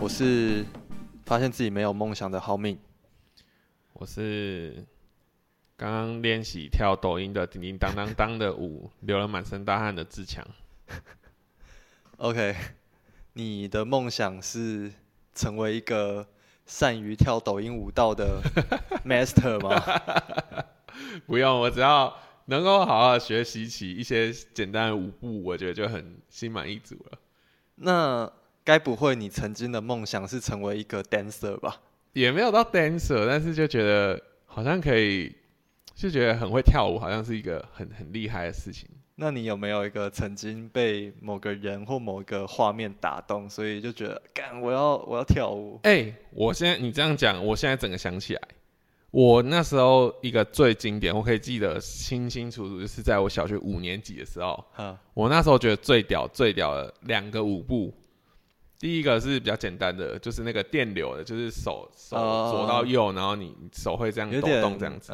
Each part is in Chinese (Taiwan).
我是發現自己沒有夢想的好命，我是剛剛練習跳抖音的叮叮噹噹噹的舞， 流了滿身大汗的志強。OK，你的夢想是成為一個。善於跳抖音舞蹈的 master 嗎？ 不用，我只要能夠好好學習起一些簡單的舞步，我覺得就很心滿意足了。那該不會你曾經的夢想是成為一個 dancer 吧？也沒有到 dancer，但是就覺得好像可以，就覺得很會跳舞，好像是一個很很厲害的事情。那你有沒有一個曾經被某個人或某一個畫面打動，所以就覺得幹我要我要跳舞？哎、欸，我現在你這樣講，我現在整個想起來，我那時候一個最經典，我可以記得清清楚楚，就是在我小學五年級的時候，哈我那時候覺得最屌最屌的兩個舞步，第一個是比較簡單的，就是那個電流的，就是手手左到右，哦、然後你手會這樣抖動這樣子，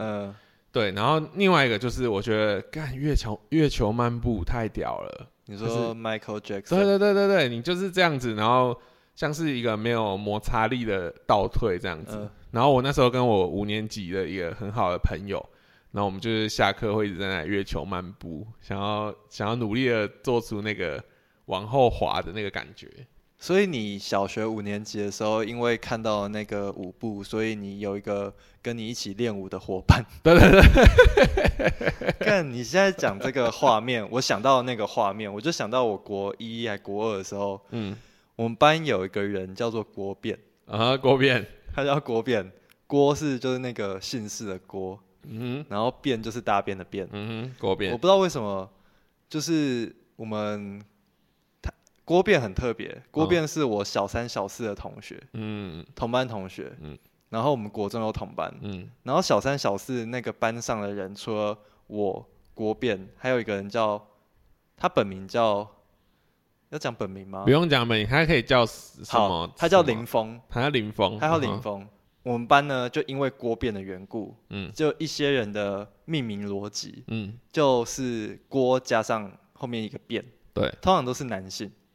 對，然後另外一個就是，我覺得幹月球月球漫步太屌了。你說是 Michael Jackson？對對對對對，你就是這樣子，然後像是一個沒有摩擦力的倒退這樣子。呃、然後我那時候跟我五年級的一個很好的朋友，然後我們就是下課會一直在那月球漫步，想要想要努力的做出那個往後滑的那個感覺。所以你小學五年級的時候，因為看到那個舞步，所以你有一個跟你一起練舞的伙伴。對對對，看你現在講這個畫面，我想到那個畫面，我就想到我國一還國二的時候，嗯，我們班有一個人叫做郭便啊，郭便，他叫郭便，郭是就是那個姓氏的郭，嗯，然後便就是大便的便，嗯，郭便，我不知道為什麼，就是我們。郭便很特別，郭便是我小三小四的同學，嗯，同班同學，嗯，然後我們國中有同班，嗯，然後小三小四那個班上的人，除了我，郭便，還有一個人叫他本名叫，要講本名嗎？不用講本名，他可以叫什麼？好，他叫林峰，他叫林峰，他，林峰他叫林峰。嗯，我們班呢，就因為郭便的緣故，嗯，就一些人的命名邏輯，嗯，就是郭加上後面一個便，對，通常都是男性。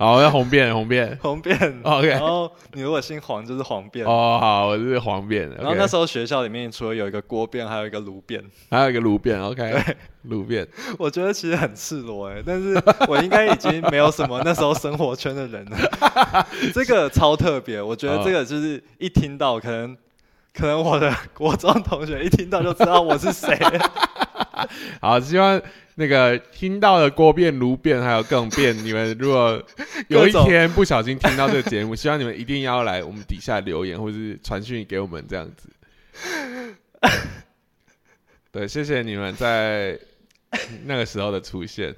好，要、哦、紅便、紅便、紅便辮，OK。 然後你如果姓黃，就是黃便哦。好、okay，我就是黃便。然後那時候學校裡面除了有一個郭便，還有一個爐便，還有一個爐便，OK。爐便對，辮我覺得其實很赤裸哎、欸，但是我應該已經沒有什麼那時候生活圈的人了。 這個超特別，我覺得這個就是一聽到可能，哦、可能我的國中同學一聽到就知道我是誰。 好，希望那個聽到的“郭變如變”還有各種變， 你們如果有一天不小心聽到這個節目，各種 希望你們一定要來我們底下留言 或是傳訊給我們這樣子。對, 對，謝謝你們在那個時候的出現。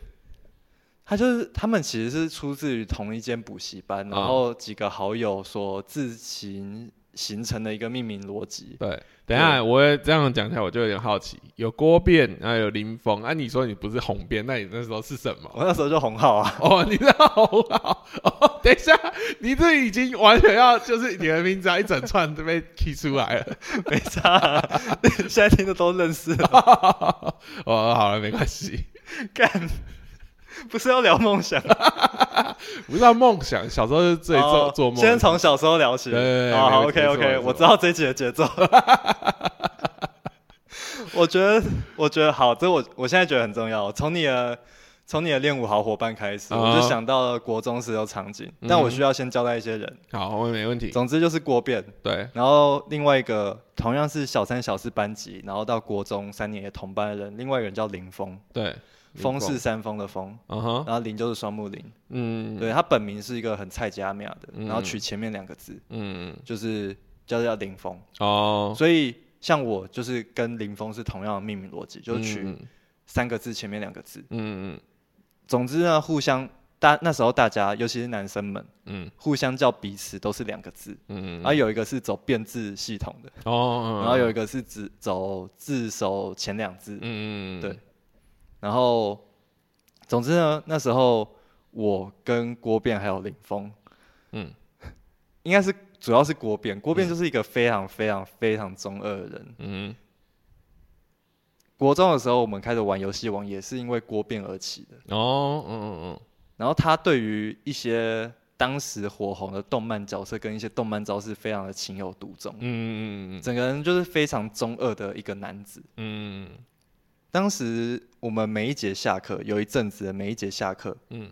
他就是他們，其實是出自於同一間補習班，啊、然後幾個好友說自行。形成的一個命名邏輯。對，等一下對我這樣講起來，我就有點好奇，有郭便還有林峰啊，你說你不是紅變，那你那時候是什麼？我那時候就紅號啊，哦，你知道紅號哦，等一下，你這已經完全要就是你的名字啊， 一整串都被踢出來了，沒差、啊， 現在聽着都，都認識了， 哦，好了，沒關係，幹。不是要聊夢想，不是要夢想。小時候就是自己做做夢。先從小時候聊起。對，好好，OK OK，我知道這一集的節奏。我覺得，我覺得好，這我我現在覺得很重要。從你的，從你的練舞好夥伴開始，我就想到了國中時的場景。但我需要先交代一些人。好，我也沒問題。總之就是郭便對，然後另外一個同樣是小三小四班級，然後到國中三年的同班人，另外一個人叫林峰。對。峰是山峰的峰，uh huh、然後林就是雙木林。嗯、對，他本名是一個很菜家廟的，然後取前面兩個字，嗯、就是叫做林峰哦。Oh. 所以像我就是跟林峰是同樣的命名邏輯，就是取三個字前面兩個字。嗯，嗯，總之呢，互相大那時候大家，尤其是男生們，嗯、互相叫彼此都是兩個字，嗯，而有一個是走變字系統的、oh. 然後有一個是只走字首前兩字，嗯，對。然後，總之呢，那時候我跟郭便還有林峰，嗯，應該是主要是郭便，郭便就是一個非常非常非常中二的人，嗯哼，國中的時候我們開始玩遊戲王，也是因為郭便而起的，哦，嗯嗯嗯，然後他對於一些當時火紅的動漫角色跟一些動漫招式非常的情有獨鍾，嗯嗯嗯，整個人就是非常中二的一個男子，嗯。當時我們每一節下課，有一陣子，每一節下課，嗯，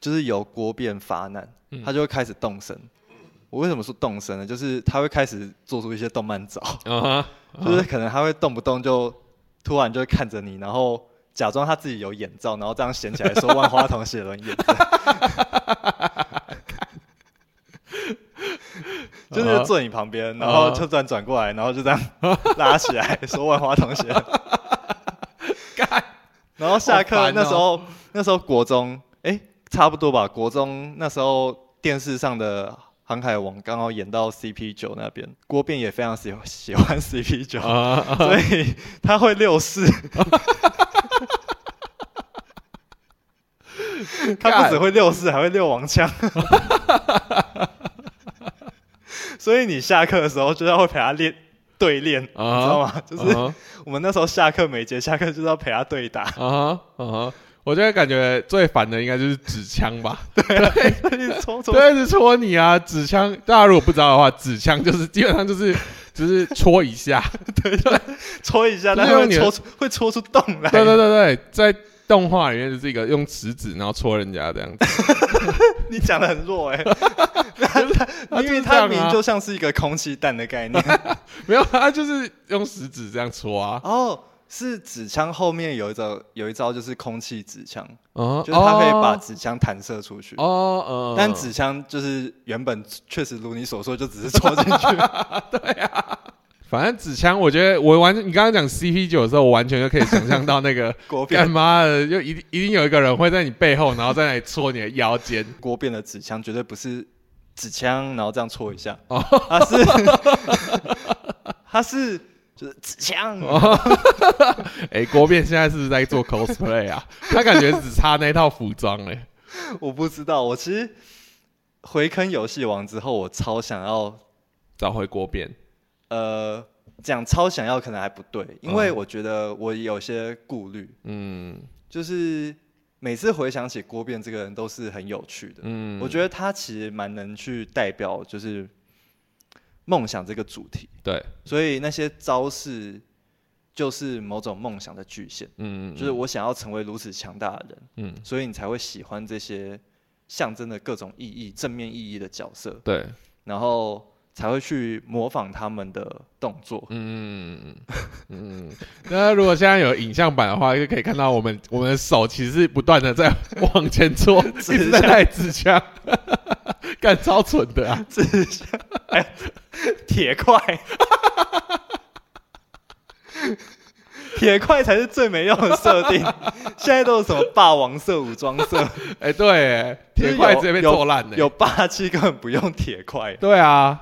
就是由郭便發難，他就會開始動身、嗯、我為什麼說動身呢？就是他會開始做出一些動漫照，uh huh, uh huh. 就是可能他會動不動就突然就會看着你，然後假裝他自己有眼罩，然後這樣掀起來說萬花筒寫輪眼， 就是坐你旁邊，然後就這樣轉過來，然後就這樣拉起來、uh huh. 說萬花筒寫。 然後下課那時候，喔、那時候國中，誒、欸，差不多吧。國中那時候電視上的《航海王》剛好演到 CP 九那邊，郭便也非常喜喜歡 CP 九、uh，huh. 所以他會六四，uh huh. 他不只會六四，還會六王槍。 所以你下課的時候，就要會陪他練。對練，啊。知道嗎？就是我們那時候下課，每節下課就是要陪他對打啊啊！我覺得感覺最煩的應該就是紙槍吧，對，對，戳戳，對，戳你啊！紙槍，大家如果不知道的話，紙槍就是基本上就是只是戳一下，對，戳一下，然後會，戳出會戳出洞來，對對對對，在。動畫裡面就是一個用食指然後戳人家這樣子， 你講得很弱哎，因為他明明就像是一個空氣彈的概念， 沒有，他就是用食指這樣戳啊。哦，是指槍後面有一招，有一招就是空氣指槍，uh, 就是他可以把指槍彈射出去。哦，uh, uh, 但指槍就是原本確實如你所說，就只是戳進去。 對呀、啊。反正指槍，我覺得我完，你剛剛講 CP 九的時候，我完全就可以想象到那個，幹嘛的就一定一定有一個人會在你背後，然後在那裡戳你的腰間。郭便的指槍絕對不是指槍，然後這樣戳一下，他是他是就是指槍。哎，郭便現在是不是在做 cosplay 啊？他感覺只差那套服裝哎。我不知道，我其實回坑遊戲王之後，我超想要找回郭便。呃，講超想要可能還不對，因為我覺得我有些顧慮。嗯，就是每次回想起郭便這個人，都是很有趣的。嗯，我覺得他其實蠻能去代表，就是夢想這個主題。對，所以那些招式就是某種夢想的具現。嗯，就是我想要成為如此強大的人。嗯，所以你才會喜歡這些象徵的各種意義、正面意義的角色。對，然後。才會去模仿他們的動作，嗯。嗯嗯，那如果現在有影像版的話，就 可以看到我們我們的手其實是不斷的在往前搓，是是一直在帶指槍，幹 超蠢的啊是是！指、哎、槍，鐵塊，鐵 塊才是最沒用的設定。 現在都是什麼霸王色武裝色？ 哎，對，鐵塊直接被做爛的，有霸氣根本不用鐵塊。對啊。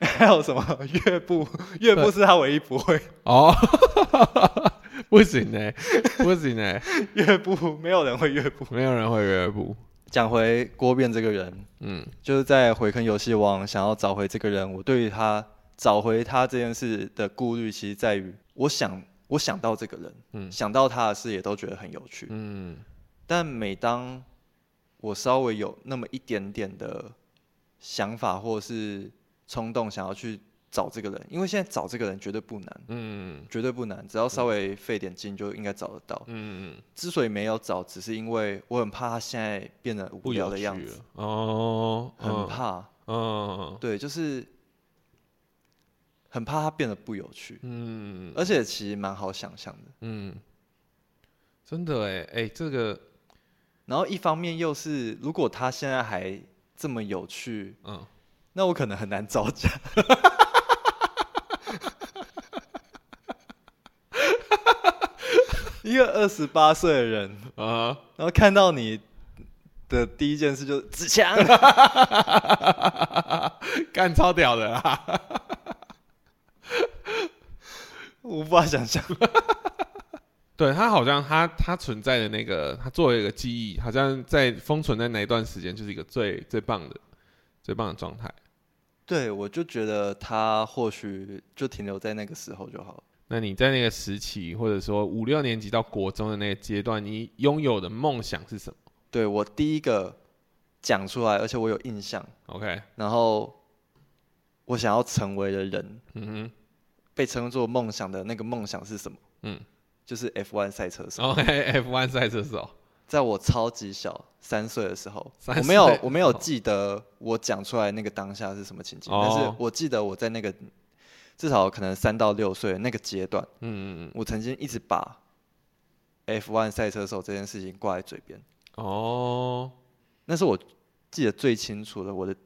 還有什麼月步？月步是他唯一不會哦對、oh. ，不行呢，不行呢，月步沒有人會月步，沒有人會月步。講回郭便這個人，嗯，就是在回坑遊戲王想要找回這個人，我對於他找回他這件事的顧慮，其實在於，我想我想到這個人，嗯、想到他的事，也都覺得很有趣，嗯。但每當我稍微有那麼一點點的想法，或是衝動想要去找這個人，因為現在找這個人絕對不難，嗯，絕對不難，只要稍微費點勁就應該找得到，嗯嗯。之所以沒有找，只是因為我很怕他現在變得無聊的樣子，哦，很怕，嗯，對，就是很怕他變得不有趣，嗯，而且其實蠻好想象的，嗯，真的哎哎、欸，這個，然後一方面又是如果他現在還這麼有趣，嗯。Oh. 那我可能很難招架。一個二十八歲的人，uh, 然後看到你的第一件事就是自強，幹超屌的啊，無法想象。對他好像他他存在的那個他作為一個記憶，好像在封存在那一段時間，就是一個最最棒的最棒的狀態。對，我就覺得他或許就停留在那個時候就好了。那你在那個時期，或者說五六年級到國中的那個階段，你擁有的夢想是什麼？對，我第一個講出來，而且我有印象。OK，然後我想要成為的人，嗯哼，被稱作夢想的那個夢想是什麼？嗯，就是 F 1賽車手。OK，F1 賽車手。在我超級小三歲的時候，三歲？我沒有我沒有記得我講出來那個當下是什麼情景，oh. 但是我記得我在那個至少可能三到六歲那個階段，嗯嗯嗯，我曾經一直把 F1 賽車手這件事情掛在嘴邊，哦，oh. 那是我記得最清楚的我的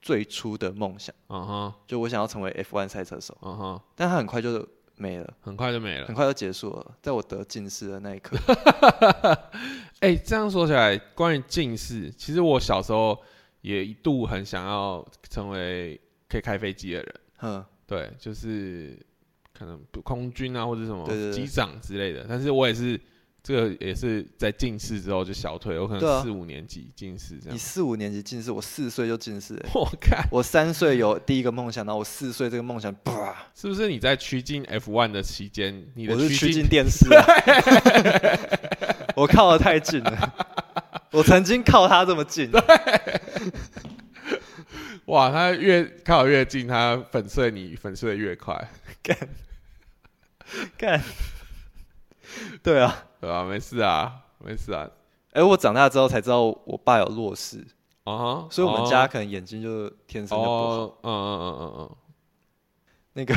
最初的夢想，嗯哼、uh，huh. 就我想要成為 F1 賽車手，嗯哼、uh，huh. 但他很快就是。沒了，很快就沒了，很快就結束了。在我得近視的那一刻，哎、 欸，這樣說起來，關於近視，其實我小時候也一度很想要成為可以開飛機的人。嗯、對，就是可能空軍啊，或者什麼機長之類的。但是我也是。這個也是在近視之後就小腿，有可能四五年級近視這樣、啊。你四五年級近視，我四歲就近視。我靠看！我三歲有第一個夢想，到我四歲這個夢想，是不是你在趨近 F one 的期間？你的趨近電視，我靠得太近了。 我曾經靠他這麼近，對 哇，他越靠越近，他粉碎你粉碎的越快，幹幹。幹對啊，對啊，沒事啊，沒事啊。哎、欸，我長大之後才知道我爸有弱視啊，uh、huh, 所以我們家、uh huh. 可能眼睛就是天生的不好。嗯嗯嗯嗯嗯。那個，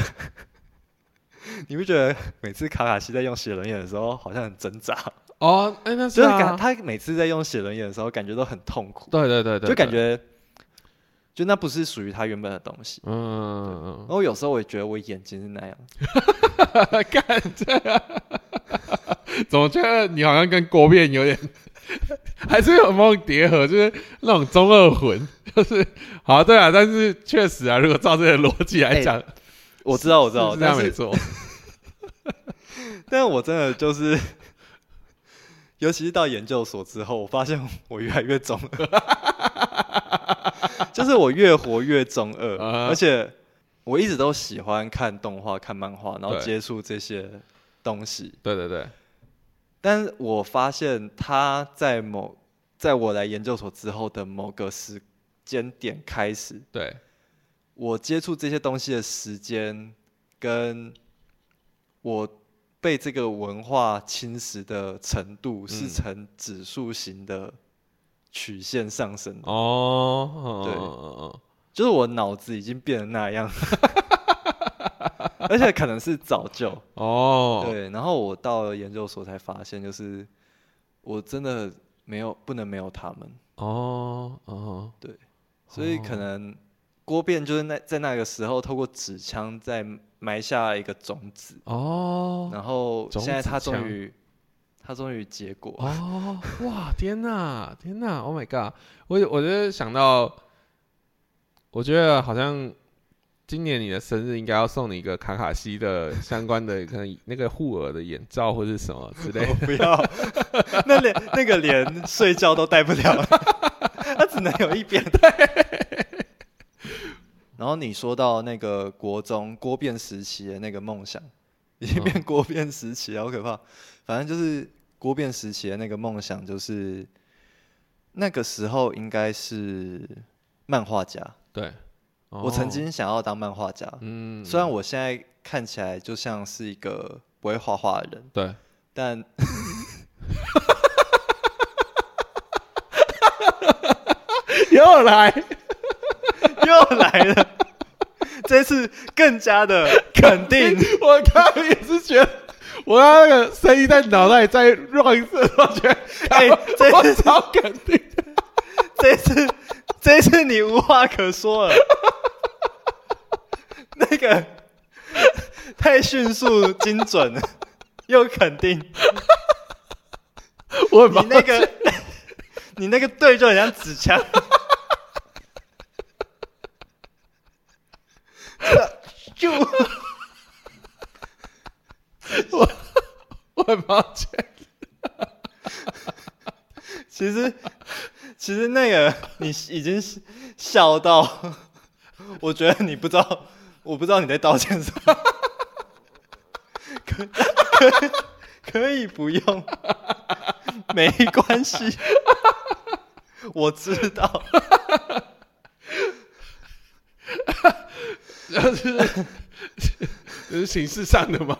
你不覺得每次卡卡西在用寫輪眼的時候，好像很掙扎？哦，哎，那是真、啊、的感。他每次在用寫輪眼的時候，感覺都很痛苦。對對，對對對對，就感覺就那不是屬於他原本的東西。嗯嗯嗯。然後我有時候我也覺得我眼睛是那樣，感覺 哈哈， 總覺得你好像跟郭便有點， 還是有某種疊合，就是那種中二魂，就是好對啊。但是確實啊，如果照這個邏輯來講，我知道，我知道，這樣沒錯。但，是 但我真的就是，尤其是到研究所之後，我發現我越來越中二， 就是我越活越中二，嗯、而且我一直都喜歡看動畫、看漫畫，然後接觸這些。東西，對對對，但是我發現他在某，在我來研究所之後的某個時間點開始，對，我接觸這些東西的時間，跟我被這個文化侵蝕的程度、嗯、是呈指數型的曲線上升哦，對，嗯、就是我腦子已經變得那樣。 而且可能是早就哦，oh. 對，然後我到了研究所才發現，就是我真的沒有不能沒有他們哦哦，oh. Oh. Oh. 對，所以可能郭便就是那在那個時候透過紙槍在埋下一個種子哦，oh. 然後現在他終於他終於結果哦，oh. 哇天哪、啊、天哪、啊、，Oh my god！我我覺得想到，我覺得好像。今年你的生日應該要送你一個卡卡西的相關的，可能那個護耳的眼罩或是什麼之類的。 不要， 那連那個連睡覺都戴不了了， 他只能有一邊戴。然後你說到那個國中郭便時期的那個夢想，已經變郭便時期了，好可怕。反正就是郭便時期的那個夢想，就是那個時候應該是漫畫家。對。我曾經想要當漫畫家，哦嗯、雖然我現在看起來就像是一個不會畫畫的人，對，但 又來 又來了， 又來了笑這次更加的肯定。 我剛剛也是覺得，我剛剛那個聲音在腦袋裡再亂一次，我覺得，哎，這次好超肯定， 這次。這次你無話可說了，那個太迅速，精準了，又肯定。我你那個你那個對，就很像紙槍。就我很抱歉，其實。其實那個你已經笑到，我覺得你不知道，我不知道你在道歉什麼， 可以可以可以不用，沒關係， 我知道 這是，這是形式上的嗎？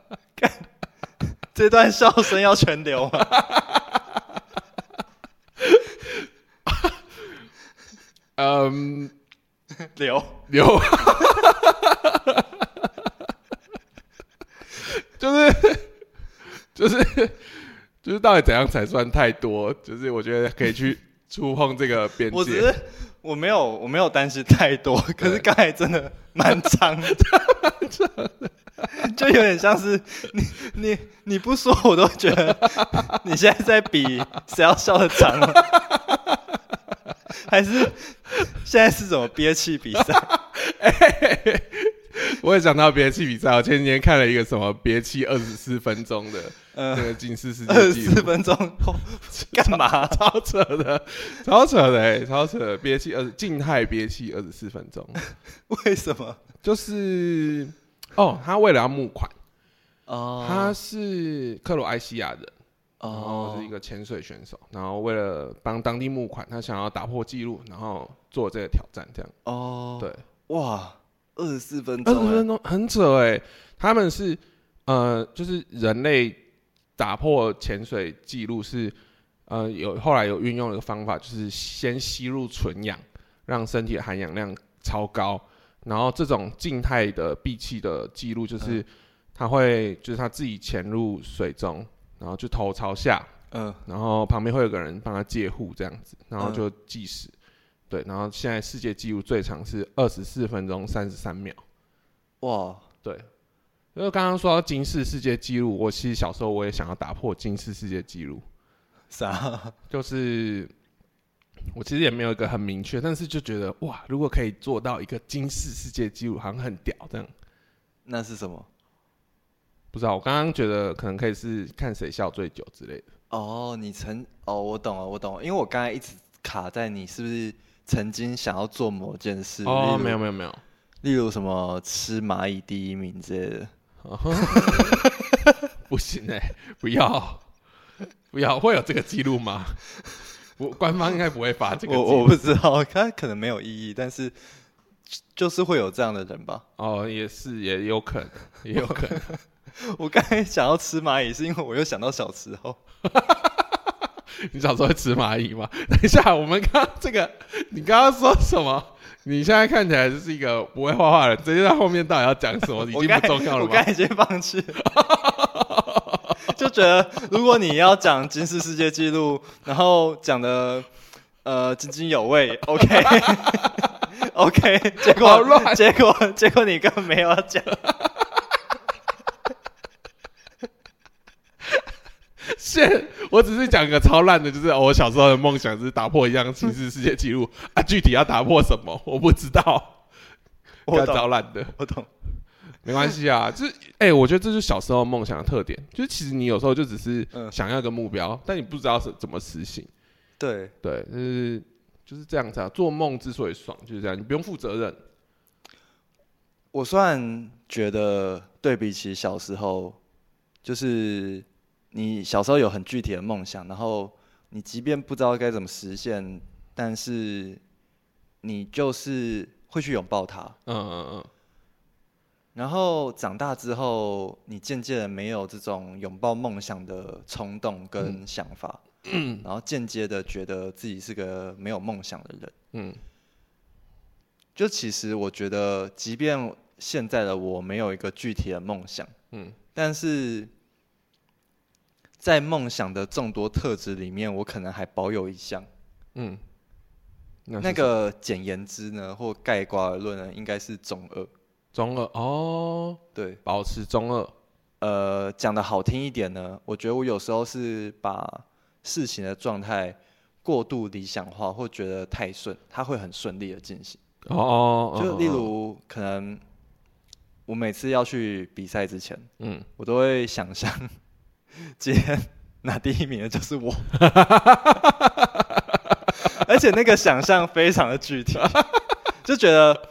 這段笑聲要全留啊。嗯，um, 留留、 就是，就是就是就是，到底怎樣才算太多？就是我覺得可以去觸碰這個邊界。我覺得我沒有我沒有擔心太多，對可是剛才真的蠻長的， 真的 就有點像是你你你不說我都覺得你現在在比誰要笑得長了，還是？現在是什麼憋氣比賽、 欸？我也講到憋氣比賽。我前幾天看了一個什麼憋氣二十四分鐘的，這個近四十四分鐘。幹、哦、嘛超？超扯的，超扯的、欸，超扯！憋氣二靜態憋氣二十四分鐘。為什麼？就是哦，他為了要募款。哦，他是克羅埃西亞的，然後是一個潛水選手，哦、然後為了幫當，當地募款，他想要打破記錄，然後。做這個挑戰，這樣哦，oh, 對，哇，二十四分鐘，二十四分鐘很扯哎，欸。他們是呃，就是人類打破潛水記錄是呃，有後來有運用一個方法，就是先吸入純氧，讓身體的含氧量超高，然後這種靜態的閉氣的記錄就是他、嗯、會就是他自己潛入水中，然後就頭朝下，嗯，然後旁邊會有個人幫他戒護這樣子，然後就計時。嗯對，然後現在世界紀錄最長是二十四分鐘三十三秒，哇！對，因為剛剛說到金氏世界紀錄，我其實小時候我也想要打破金氏世界紀錄，啥？就是我其實也沒有一個很明確，但是就覺得哇，如果可以做到一個金氏世界紀錄，好像很屌這樣。那是什麼？不知道，我剛剛覺得可能可以是看誰笑最久之類的。哦，你曾哦，我懂了，我懂了，因為我剛才一直卡在你是不是。曾經想要做某件事。哦，如沒有沒有沒有，例如什麼吃螞蟻第一名之類的，不行哎，欸，不要不要， 會有這個記錄嗎？我官方應該不會發這個。我我不知道，他可能沒有意義，但是就是會有這樣的人吧。哦，也是，也有可能，也有可能。 我剛才想要吃螞蟻，是因為我又想到小時候。 你小時候會吃螞蟻嗎？等一下，我們剛這個，你剛剛說什麼？你現在看起來就是一個不會畫畫的人，直接在後面到底要講什麼已經不重要了嗎？我剛已經放棄了， 就覺得如果你要講金氏世界紀錄，然後講的 呃津津有味，OK，OK，結果結果結果你根本沒有講。 現，我只是講一個超爛的，就是、 哦、我小時候的夢想是打破一項其實世界紀錄、嗯、啊，具體要打破什麼我不知道，我超爛的，我懂，我懂 沒關係啊，就是哎、欸，我覺得這是小時候夢想的特點，就是其實你有時候就只是想要一個目標，嗯、但你不知道是怎麼實行，對對，就是就是這樣子啊。做夢之所以爽就是這樣，你不用負責任。我雖然覺得對比起小時候，就是。你小時候有很具體的夢想，然後你即便不知道該怎麼實現，但是你就是會去擁抱它。嗯嗯嗯。然後長大之後，你漸漸的沒有這種擁抱夢想的衝動跟想法，嗯。然後漸漸的覺得自己是個沒有夢想的人。嗯。就其實我覺得，即便現在的我沒有一個具體的夢想，嗯，但是。在夢想的眾多特質裡面，我可能還保有一項，嗯，那,那個簡言之呢，或概括而論呢，應該是中二，中二哦，對，保持中二。呃，講得好聽一點呢，我覺得我有時候是把事情的狀態過度理想化，或覺得太順，它會很順利的進行。哦,哦,哦，就例如哦哦可能我每次要去比賽之前，嗯，我都會想象。今天拿第一名的就是我，而且那個想象非常的具體， 就覺得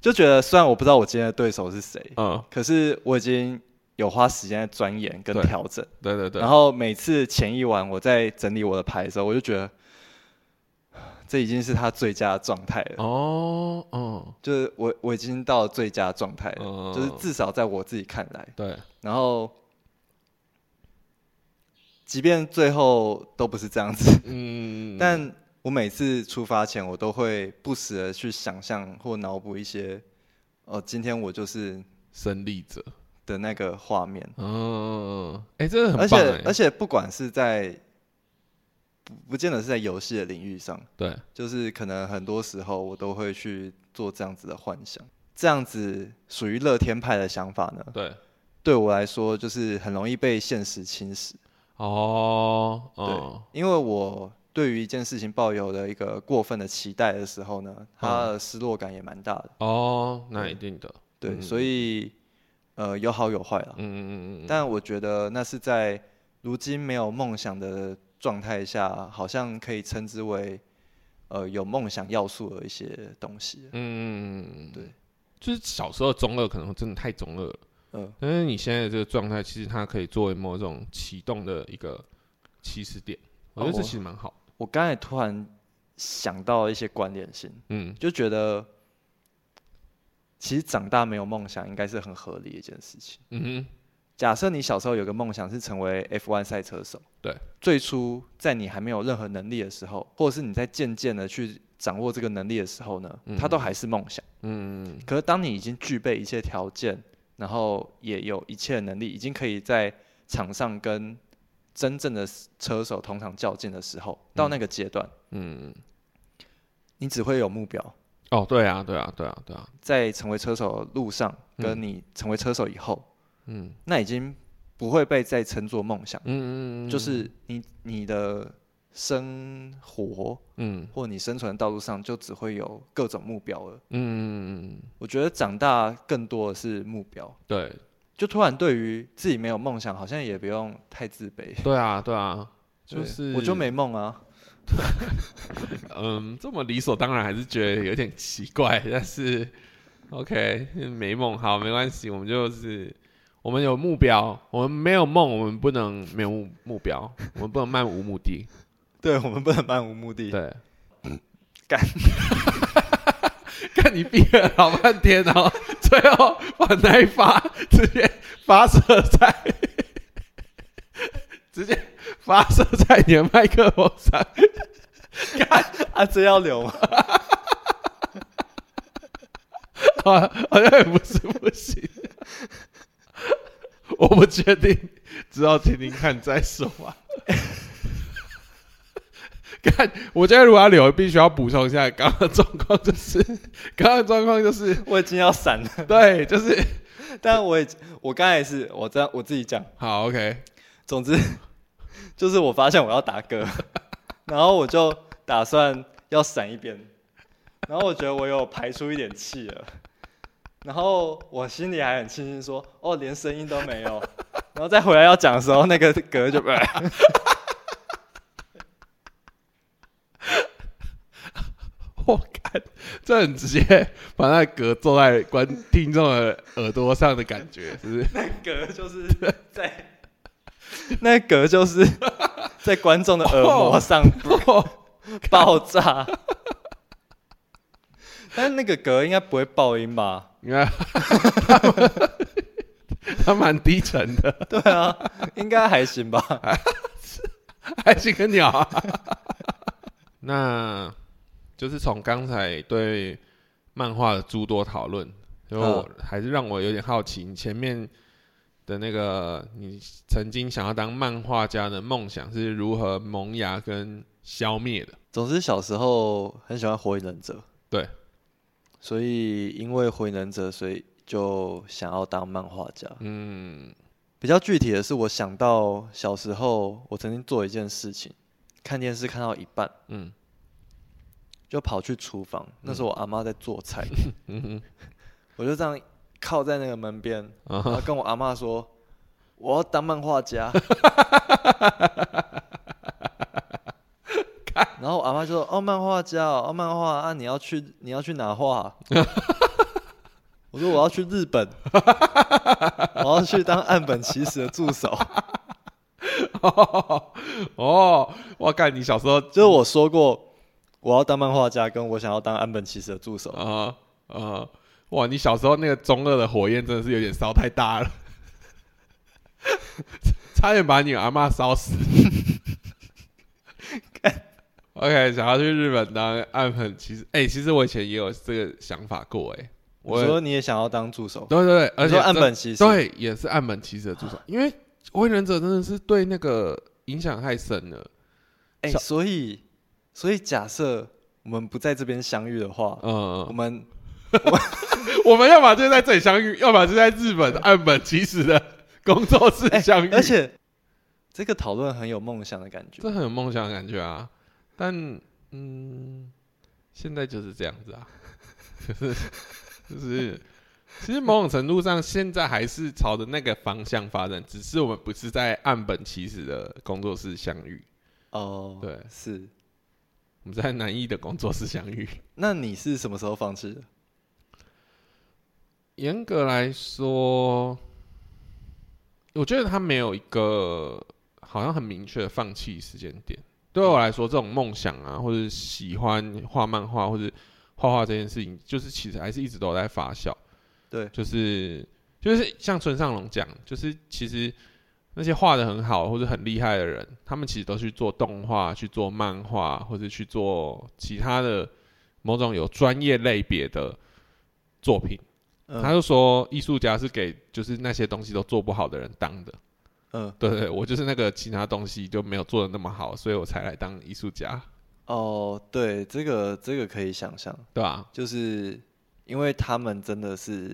就覺得雖然我不知道我今天的對手是誰，嗯，可是我已經有花時間在鑽研跟調整，對對對對。然後每次前一晚我在整理我的牌的時候，我就覺得這已經是他最佳狀態了。哦，哦，就是我我已經到了最佳狀態了，哦，就是至少在我自己看來，對，然後。即便最後都不是這樣子，嗯，但我每次出發前，我都會不時的去想象或腦補一些，哦，今天我就是勝利者的那個畫面。哦，哎，真的很棒。而且而且，不管是在不不見得是在遊戲的領域上，對，就是可能很多時候我都會去做這樣子的幻想，這樣子屬於樂天派的想法呢。對，對我來說，就是很容易被現實侵蝕。哦，oh, uh, 對，因為我對於一件事情抱有了一個過分的期待的時候呢，他的失落感也蠻大的。哦，那一定的，對，um, 所以呃，有好有壞了。嗯嗯嗯嗯。Um, um, 但我覺得那是在如今沒有夢想的狀態下，好像可以稱之為呃有夢想要素的一些東西。嗯嗯嗯嗯，對，就是小時候的中二可能真的太中二了。嗯，但是你現在的這個狀態，其實它可以作為某種啟動的一個起始點，我覺得這其實蠻好的。我剛才突然想到一些關聯性，嗯，就覺得其實長大沒有夢想，應該是很合理的一件事情。嗯哼，假設你小時候有個夢想是成為 F1 賽車手，對，最初在你還沒有任何能力的時候，或者是你在漸漸的去掌握這個能力的時候呢，嗯哼，它都還是夢想。嗯哼。可是當你已經具備一切條件。然後也有一切的能力，已經可以在場上跟真正的車手同場較勁的時候，到那個階段，嗯，嗯，你只會有目標。哦，對啊，對啊，對啊，對啊，在成為車手的路上，跟你成為車手以後，嗯，那已經不會被再稱作夢想。嗯嗯，嗯嗯，就是你你的。生活，嗯，或你生存的道路上就只會有各種目標了。嗯嗯，我覺得長大更多的是目標。對，就突然對於自己沒有夢想，好像也不用太自卑。對啊，對啊，對就是我就沒夢啊。對 嗯，這麼理所當然，還是覺得有點奇怪。但是，OK，沒夢好沒關係，我們就是我們有目標，我們沒有夢，我們不能沒有目標，我們不能漫無目的。 對我們不能漫無目的。對，嗯、幹，看 你憋老半天，哦，然後 最後我再發，直接發射在， 直接發射在你的麥克風上， 幹，啊，這要留嗎？ 好，啊，好像也不是不行，啊， 我不確定，只好聽聽看再說吧，啊。 看，我覺得如果要留必須要補充一下剛剛的狀況，剛剛的就是剛剛的狀況就是我已經要閃了，對，就是，但我我剛才也是我在我自己講，好，OK，總之就是我發現我要打嗝， 然後我就打算要閃一邊，然後我覺得我有排出一點氣了，然後我心裡還很慶幸說，哦，連聲音都沒有，然後再回來要講的時候，那個嗝就不。 我、哦、這很直接，把那嗝坐在觀聽眾的耳朵上的感覺，是不是？那嗝就是在，對那嗝就是在觀眾的耳膜上爆炸。哦哦、但是那個嗝應該不會爆音吧？應該它蠻低沉的。對啊，應該還行吧？還，還行，個鳥啊？ 那。就是從剛才對漫畫的諸多討論，就還是讓我有點好奇，你前面的那個你曾經想要當漫畫家的夢想是如何萌芽跟消滅的？總之，小時候很喜歡《火影忍者》，對，所以因為《火影忍者》，所以就想要當漫畫家。嗯，比較具體的是，我想到小時候我曾經做一件事情，看電視看到一半，嗯。就跑去廚房，那時候我阿媽在做菜，我就這樣靠在那個門邊，然後跟我阿媽說：“我要當漫畫家。”然後我阿媽就說：“哦，漫畫家哦，漫畫啊，你要去你要去哪畫？”我說：“我要去日本，我要去當岸本齊史的助手。”哦，我靠，你小時候就是我說過。我要當漫畫家，跟我想要當岸本齊史的助手啊啊！Uh huh. uh huh. 哇，你小時候那個中二的火焰真的是有點燒太大了， 差點把你阿媽燒死。 okay, OK，想要去日本當岸本齊史？哎、欸，其實我以前也有這個想法過、欸。哎，我你說你也想要當助手？對對對，而且岸本齊史對也是岸本齊史的助手，啊、因為《火影忍者》真的是對那個影響太深了。哎、欸，小所以。所以假設我們不在這邊相遇的話，嗯，嗯，嗯我，我們 我們要麼就在這裡相遇，要麼就在日本的岸本齊史的工作室相遇。欸、而且這個討論很有夢想的感覺，這很有夢想的感覺啊。但嗯，現在就是這樣子啊， 就是就是，其實某種程度上，現在還是朝着那個方向發展，只是我們不是在岸本齊史的工作室相遇哦。對，是。我們在南藝的工作室相遇。那你是什麼時候放棄的？嚴格來說，我覺得他沒有一個好像很明確的放棄時間點。對我來說，這種夢想啊，或者喜歡畫漫畫或者畫畫這件事情，就是其實還是一直都在發酵。對，就是就是像村上隆講，就是其實。那些畫得很好或者很厲害的人，他們其實都去做動畫、去做漫畫，或者去做其他的某種有專業類別的作品。嗯，他就說，藝術家是給就是那些東西都做不好的人當的。嗯，對對對，我就是那個其他東西就沒有做得那麼好，所以我才來當藝術家。哦，對，這個這個可以想象，對吧？啊，就是因為他們真的是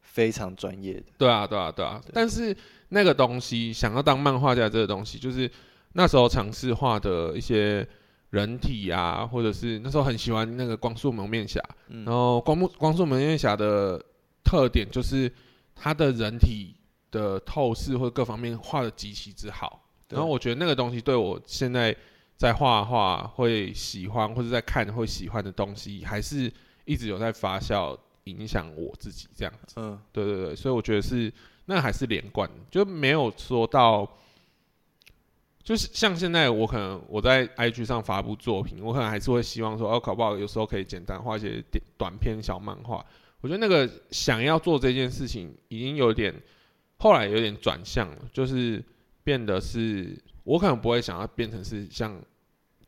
非常專業的。對啊，對啊，對啊，對啊，對。但是。那個東西想要當漫畫家，這個東西就是那時候嘗試畫的一些人體啊，或者是那時候很喜歡那個光速蒙面俠。嗯、然後光速光速蒙面俠的特點就是他的人體的透視或者各方面畫的極其之好。對然後我覺得那個東西對我現在在畫畫會喜歡，或者在看會喜歡的東西，還是一直有在發酵影響我自己這樣子。嗯，對對對，所以我覺得是。那還是連貫，就沒有說到，就是像現在我可能我在 IG 上發布作品，我可能還是會希望說，哦，搞不好有時候可以簡單畫一些短篇小漫畫。我覺得那個想要做這件事情，已經有點後來有點轉向了，就是變得是，我可能不會想要變成是像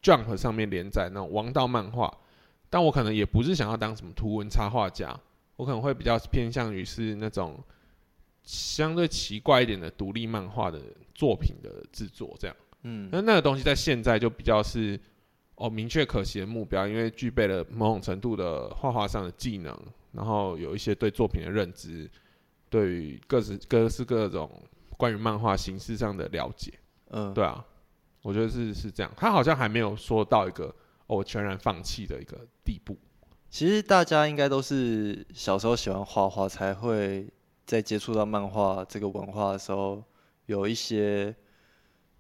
Jump 上面連載那種王道漫畫，但我可能也不是想要當什麼圖文插畫家，我可能會比較偏向於是那種。相對奇怪一點的獨立漫畫的作品的製作，這樣，嗯，那那個東西在現在就比較是哦，明確可行的目標，因為具備了某種程度的畫畫上的技能，然後有一些對作品的認知，對於各、各式各式各種關於漫畫形式上的了解，嗯，對啊，我覺得是是這樣，他好像還沒有說到一個哦，全然放棄的一個地步，其實大家應該都是小時候喜歡畫畫才會。在接觸到漫畫這個文化的時候，有一些，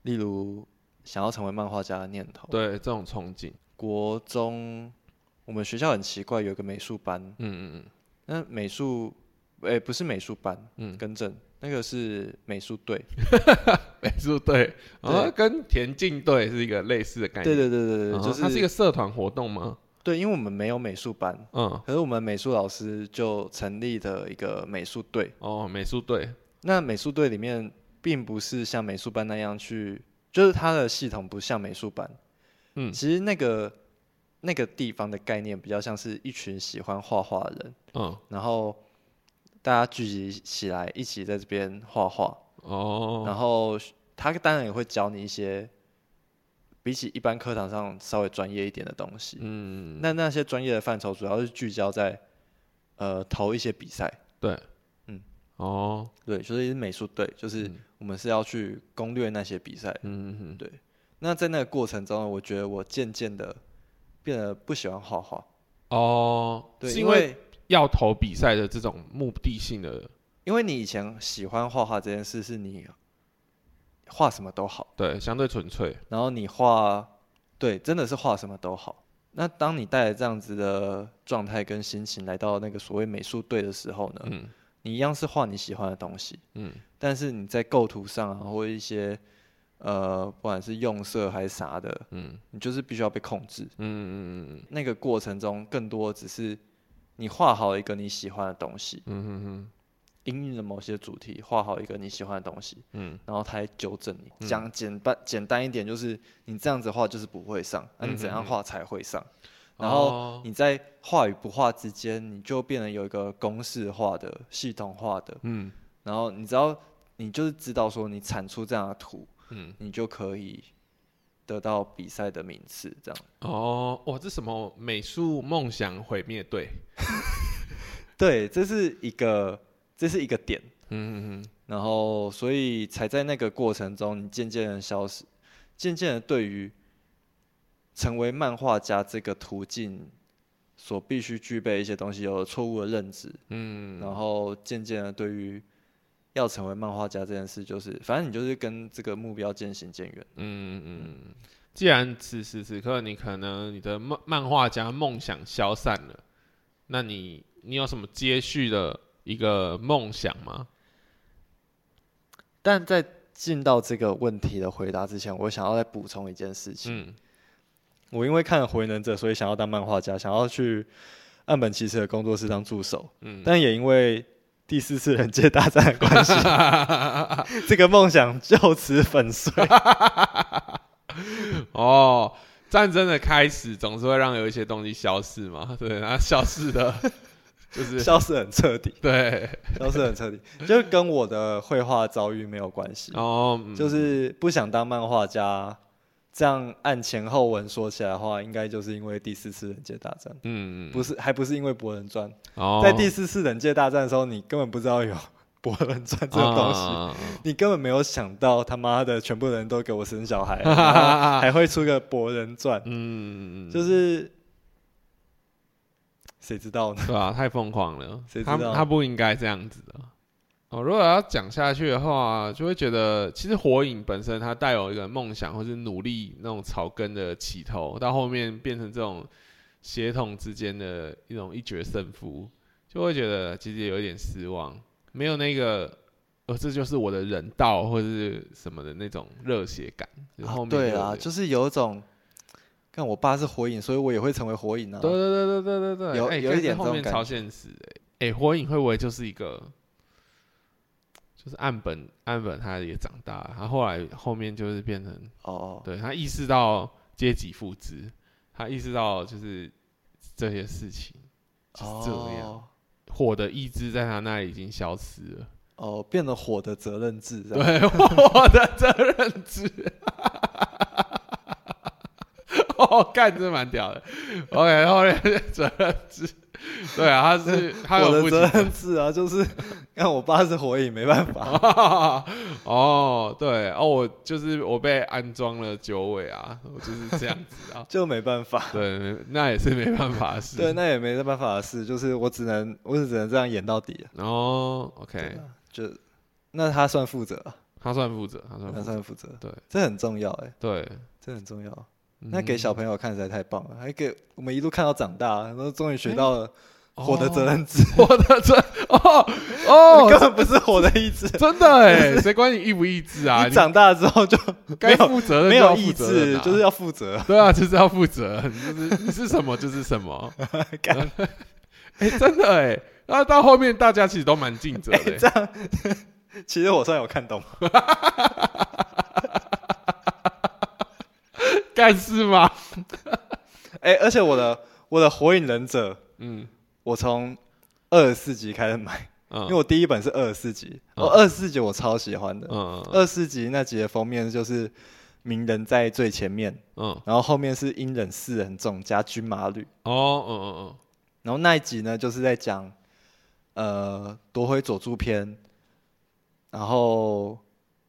例如想要成為漫畫家的念頭。對，這種憧憬。國中，我們學校很奇怪，有個美術班。嗯嗯嗯。那美術，哎、欸，不是美術班，嗯、更正，那個是美術隊。哈哈哈，美術隊，啊對，跟田徑隊是一個類似的概念。對對對對對，uh、huh, 就是它是一個社團活動嘛。嗯。對，因為我們沒有美術班，嗯，可是我們美術老師就成立了一個美術隊哦，美術隊。那美術隊裡面並不是像美術班那樣去，就是它的系統不像美術班，嗯，其實那個那個地方的概念比較像是一群喜歡畫畫的人，嗯，然後大家聚集起來一起在這邊畫畫，然後他當然也會教你一些。比起一般課堂上稍微專業一點的東西，嗯，那那些專業的範疇主要是聚焦在呃投一些比賽，對，嗯，哦，對，所、就、以是美術隊，就是我們是要去攻略那些比賽，嗯嗯哼嗯，對。那在那個過程中，我覺得我漸漸的變得不喜歡畫畫，哦，對，是因為要投比賽的這種目的性的、嗯，因為你以前喜歡畫畫這件事是你。畫什麼都好，對，相對純粹。然後你畫，對，真的是畫什麼都好。那當你帶着這樣子的狀態跟心情來到那個所謂美術隊的時候呢？嗯。你一樣是畫你喜歡的東西。嗯。但是你在構圖上啊，或者一些呃，不管是用色還是啥的，嗯。你就是必須要被控制。嗯嗯嗯。那個過程中，更多只是你畫好一個你喜歡的東西。嗯哼哼。應運的某些主題，畫好一個你喜歡的東西，嗯，然後他來糾正你，講、嗯、簡單簡單一點，就是你這樣子畫就是不會上，嗯嗯啊、你怎樣畫才會上？然後你在畫與不畫之間，哦、你就變成有一個公式化的、系統化的，嗯，然後你只要你就是知道說你產出這樣的圖，嗯，你就可以得到比賽的名次，這樣。哦，哇，這是什麼美術夢想毀滅隊？ 對，這是一個。這是一個點，嗯嗯嗯，然後所以才在那個過程中，你漸漸的消失，漸漸的對於成為漫畫家這個途徑所必須具備一些東西有了錯誤的認知，嗯，然後漸漸的對於要成為漫畫家這件事，就是反正你就是跟這個目標漸行漸遠，嗯嗯嗯。既然此時此刻你可能你的漫漫畫家夢想消散了，那你你有什麼接續的？一個夢想嗎？但在進到這個問題的回答之前，我想要再補充一件事情。嗯、我因為看了《迴能者》，所以想要當漫畫家，想要去岸本齊史的工作室當助手。嗯、但也因為第四次忍界大戰的關係， 這個夢想就此粉碎。 哦，戰爭的開始總是會讓有一些東西消失嘛？對啊，消失的。 就是消失很徹底，對，消失很徹底， 就跟我的繪畫遭遇沒有關係哦。Oh, um, 就是不想當漫畫家，這樣按前後文說起來的話，應該就是因為第四次忍界大戰，嗯，不是，還不是因為《博人傳》。Oh, 在第四次忍界大戰的時候，你根本不知道有《博人傳》這個東西，uh, uh, uh, uh, uh, 你根本沒有想到他媽的全部的人都給我生小孩， 還會出個《博人傳》，嗯，就是。誰知道呢？對啊，太瘋狂了。他他不應該這樣子的。哦，如果要講下去的話，就會覺得其實火影本身它帶有一個夢想或是努力那種草根的起頭，到後面變成這種血統之間的一種一決勝負，就會覺得其實有一點失望，沒有那個，呃、哦，這就是我的忍道或者是什麼的那種熱血感。啊、然後對啊，就是有一種。看，我爸是火影，所以我也會成為火影啊！對對對對對對，對有、欸、有一點後面超現實哎、欸欸，火影會不會就是一個，就是岸本岸本他也長大，他後來後面就是變成哦，對他意識到階級複製，他意識到就是這些事情、就是這樣，哦、火的意志在他那裡已經消失了哦，變了火的責任制，對， 火的責任制。 哦，幹真蠻屌的。OK，然後呢，責任制， 對啊，他是，是他有的，我的責任制啊，就是看 我爸是火影沒辦法。哦，哦，對哦，我就是我被安裝了九尾啊，我就是這樣子啊， 就沒辦法。對，那也是沒辦法的事。 對，那也沒辦法的事，就是我只能，我只能這樣演到底哦 OK，就，就那他算、啊、他算負責，他算負責，他算他算負責。對，這很重要哎、欸。對，這很重要。那給小朋友看實在太棒了，還給我們一路看到長大，然後終於學到了火的責任制，火的責任哦哦，你根本不是火的意志，真的哎，誰管你意不意志啊？你長大之後就該負責，沒有意志就是要負責，對啊，就是要負責，就是你是什麼就是什麼，哎，真的哎，然後到後面大家其實都蠻盡責的，這樣，其實我算有看懂。幹事嗎？哎、 欸，而且我的我的火影忍者，嗯，我從二十四集開始買，嗯、因為我第一本是二十四集，嗯、哦二十四集我超喜歡的，嗯嗯，二十四集那集的封面就是鳴人在最前面，嗯，然後後面是音忍四人眾加君麻呂，哦，嗯嗯嗯，然後那一集呢就是在講，呃、奪回佐助篇，然後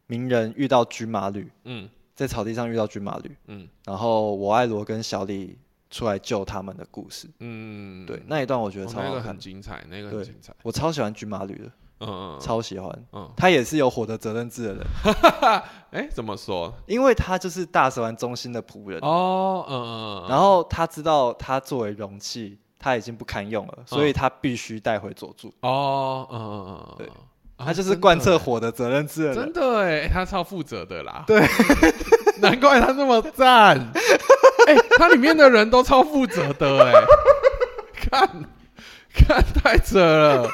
鳴人遇到君麻呂，嗯。在草地上遇到君麻呂，嗯、然後我愛羅跟小李出來救他們的故事，嗯，對，那一段我覺得超好看，哦那個、很精彩，那個很精彩，我超喜歡君麻呂的，嗯嗯，超喜歡，嗯、他也是有火的責任制的人，哎、嗯， 怎麼說？因為他就是大蛇丸忠心的僕人哦，嗯，嗯嗯，然後他知道他作為容器他已經不堪用了，嗯、所以他必須帶回佐助，哦，嗯嗯嗯，嗯對。他就是貫徹火的責任制、哦，真的哎、欸，他、欸欸、超負責的啦。對， 難怪他那麼讚，他、欸、裡面的人都超負責的哎、欸，看看太扯了，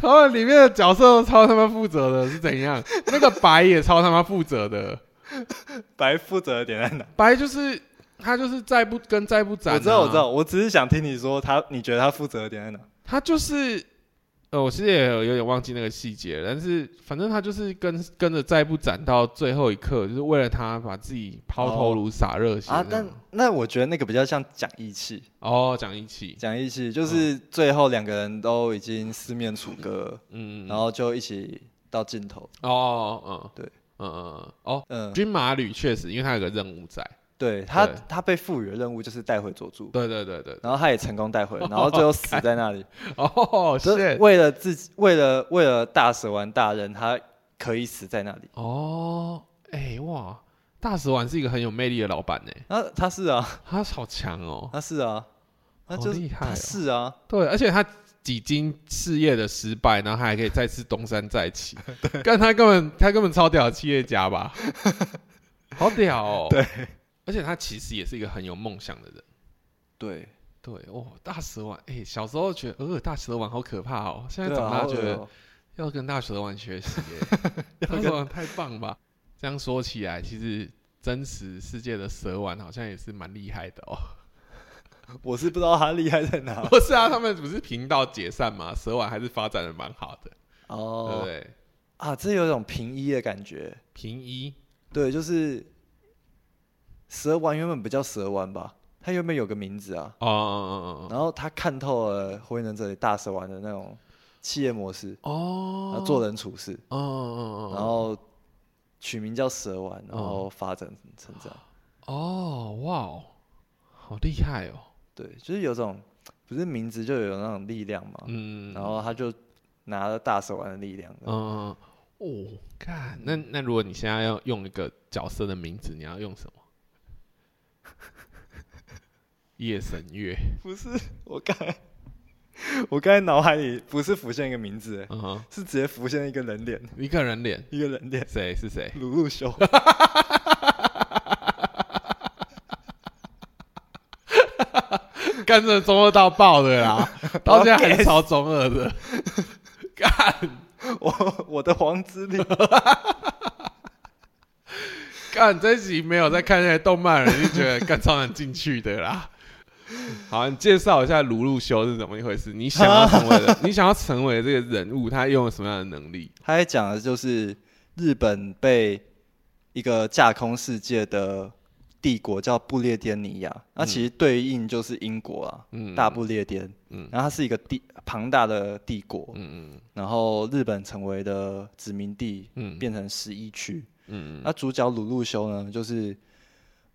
他們裡面的角色都超他媽負責的，是怎樣？那個白也超他媽負責的，白負責的點在哪？白就是他就是再不跟再不斬、啊，我知道我知道，我只是想聽你說他，你覺得他負責的點在哪？他就是。呃、我其實也有，有點忘記那個細節，但是反正他就是跟跟着再不斬到最後一刻，就是為了他把自己拋頭顱灑熱血、哦、啊。但那我覺得那個比較像講義氣哦，講義氣，講義氣就是最後兩個人都已經四面楚歌，嗯，然後就一起到盡頭哦，嗯，對，嗯嗯哦，嗯，君、哦嗯、麻呂確實，因為他有個任務在。對他，對他被賦予的任務就是帶回佐助。對對對，對，對，然後他也成功帶回，然後最後死在那裡。哦、okay，是、oh,，為了自己，為了為了大蛇丸大人，他可以死在那裡。哦、oh, 欸，哎哇，大蛇丸是一個很有魅力的老板呢、欸。他是啊，他是好強哦、喔，他是啊，他就是厲、oh, 害、喔，是啊，對，而且他幾經事業的失敗，然後他還可以再次東山再起。但 對他根本他根本超屌的企業家吧， 好屌、喔，對。而且他其實也是一個很有夢想的人對，對對哦、喔，大蛇丸哎、欸，小時候覺得呃大蛇丸好可怕哦、喔，現在長大覺得要跟大蛇丸學習、欸，啊喔、大蛇丸太棒吧？ 這樣說起來，其實真實世界的蛇丸好像也是蠻厲害的哦、喔。我是不知道他厲害在哪，不是啊？他們不是頻道解散嗎？蛇丸還是發展的蠻好的哦。對，對啊，這有種平一的感覺，平一衣對，就是。蛇丸原本不叫蛇丸吧？他原本有個名字啊。Oh, 然後他看透了火影忍者裡大蛇丸的那種企業模式哦，oh, 做人處事，然後取名叫蛇丸，然後發展成長。哦、oh, wow, 喔，哇，好厲害哦！對，就是有種不是名字就有那種力量嘛。嗯。Um, 然後他就拿了大蛇丸的力量。嗯、um,，哦、uh, 這樣，幹、oh,，那那如果你現在要用一個角色的名字，你要用什麼？ 夜神月不是我剛，我剛才腦海裡不是浮現一個名字，嗯、哼是直接浮現一個人臉，人一個人臉，一個人臉，誰是誰？魯路修，幹這中二到爆的啦， 到現在還是超中二的，幹 幹我我的黃之力王之力。 看這一集沒有？在看那些動漫人就覺得更超難進去的啦。 好、啊，你介紹一下盧露修是怎麼一回事？你想要成為的？啊、 你想要成為這個人物？他用了什麼樣的能力？他還講的就是日本被一個架空世界的帝國叫不列顛尼亞，那、嗯、其實對應就是英國啊，大不列顛。嗯，嗯然後它是一個帝龐大的帝國。嗯嗯然後日本成為的殖民地，變成十一區。嗯嗯，那、啊、主角魯路修呢，就是，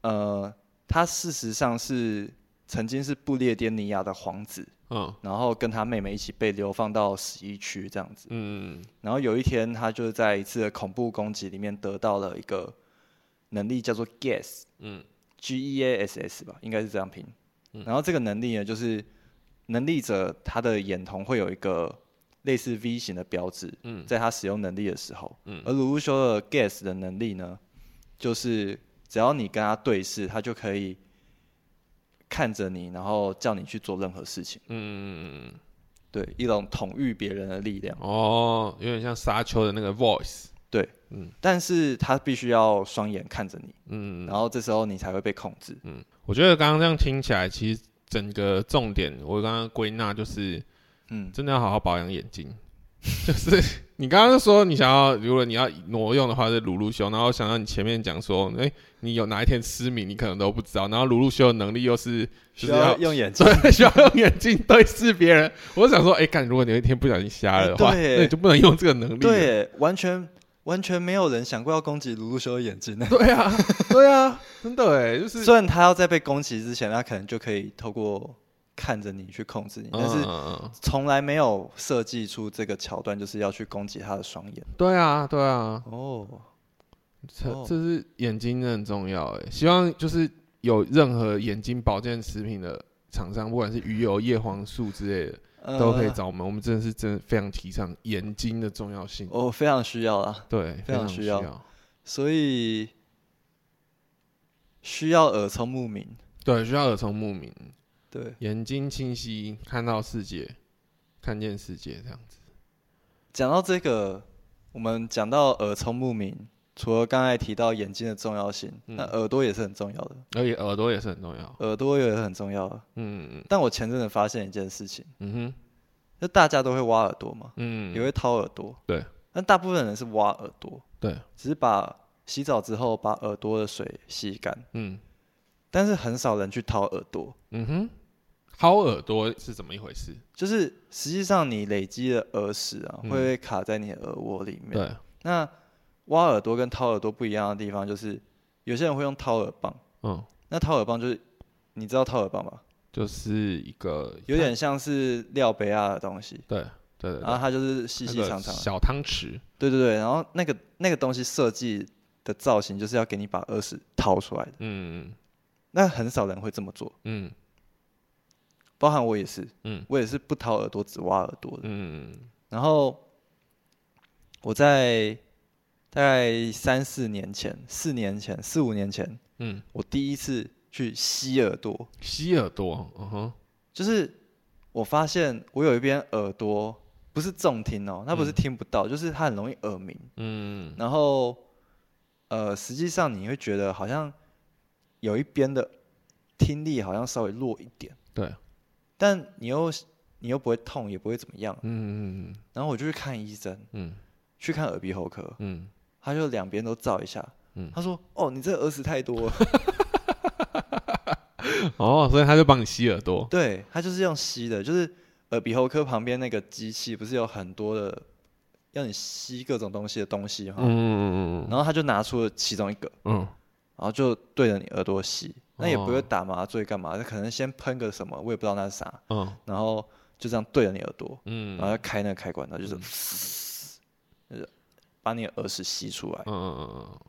呃，他事實上是曾經是布列顛尼亞的皇子，嗯、哦，然後跟他妹妹一起被流放到十一區這樣子，嗯，然後有一天他就在一次的恐怖攻擊裡面得到了一個能力，叫做 Geass，嗯，G E A S S 吧，應該是這樣拼，嗯、然後這個能力呢，就是能力者他的眼瞳會有一個。類似 V 型的標誌，在他使用能力的時候，嗯嗯、而魯路修的 Geass 的能力呢，就是只要你跟他對視，他就可以看着你，然後叫你去做任何事情。嗯嗯嗯，對，一種統御別人的力量。哦，有點像沙丘的那個 Voice。對，嗯，但是他必須要雙眼看着你，嗯，然後這時候你才會被控制。嗯，我覺得剛剛這樣聽起來，其實整個重點，我剛剛歸納就是。嗯，真的要好好保養眼睛。 就是你剛剛說你想要，如果你要挪用的話，是魯魯修。然後想到你前面講說，哎，你有哪一天失明，你可能都不知道。然後魯魯修的能力又是，是要需要用眼睛。需要用眼睛對視別人。 我想說，哎，看如果你有一天不小心瞎了的話，欸對欸、那你就不能用這個能力。對、欸，完全完全沒有人想過要攻擊魯魯修的眼睛。 對啊，對啊，真的、欸，就是雖然他要在被攻擊之前，他可能就可以透過。看着你去控制你，但是從來沒有設計出這個橋段，就是要去攻擊他的雙眼。對啊，對啊。哦，這這是眼睛真很重要哎。希望就是有任何眼睛保健食品的廠商，不管是魚油、葉黃素之類的，都可以找我們。呃、我們真的是真的非常提倡眼睛的重要性。我、哦、非常需要啊，對，非常需要。所以需藥耳聰目明。對，需藥耳聰目明。對，眼睛清晰看到世界，看見世界這樣子。講到這個，我們講到耳聰目明，除了剛才提到眼睛的重要性，那耳朵也是很重要的。而且耳朵也是很重要，耳朵也是很重要的。嗯，但我前陣子發現一件事情，嗯哼，就大家都會挖耳朵嘛，嗯，也會掏耳朵，對。但大部分人是挖耳朵，對，只是把洗澡之後把耳朵的水吸乾，嗯。但是很少人去掏耳朵，嗯哼。掏耳朵是怎麼一回事？就是實際上你累積的耳屎啊，嗯、會被卡在你的耳窩裡面。對，那挖耳朵跟掏耳朵不一樣的地方就是，有些人會用掏耳棒。嗯，那掏耳棒就是，你知道掏耳棒嗎？就是一個有點像是料杯啊的東西。對對，對對。然後它就是細細長長的小湯匙。對對對，然後那個那個東西設計的造型就是要給你把耳屎掏出來的。嗯嗯嗯。那很少人會這麼做。嗯。包含我也是，嗯，我也是不掏耳朵只挖耳朵的，嗯，然後我在大概三四年前、四年前、四五年前，嗯，我第一次去吸耳朵，吸耳朵、啊，嗯哼，uh huh、就是我發現我有一邊耳朵不是重聽哦，那不是聽不到，嗯、就是它很容易耳鳴，嗯，然後呃，實際上你會覺得好像有一邊的聽力好像稍微弱一點，對。但你又你又不會痛，也不會怎麼樣。嗯、然後我就去看醫生，嗯、去看耳鼻喉科。嗯、他就兩邊都照一下。嗯、他說：“哦，你這個耳屎太多了。” 哦，所以他就幫你吸耳朵。對，他就是用吸的，就是耳鼻喉科旁邊那個機器，不是有很多的要你吸各種東西的東西、嗯、然後他就拿出了其中一個。嗯、然後就對着你耳朵吸。那也不會打麻醉幹嘛？那、oh. 可能先噴個什麼，我也不知道那是啥，oh. 然後就這樣對着你耳朵，嗯、然後再開那個開關，然後就是噴噴噴，就是把你的耳屎吸出來。嗯。Oh.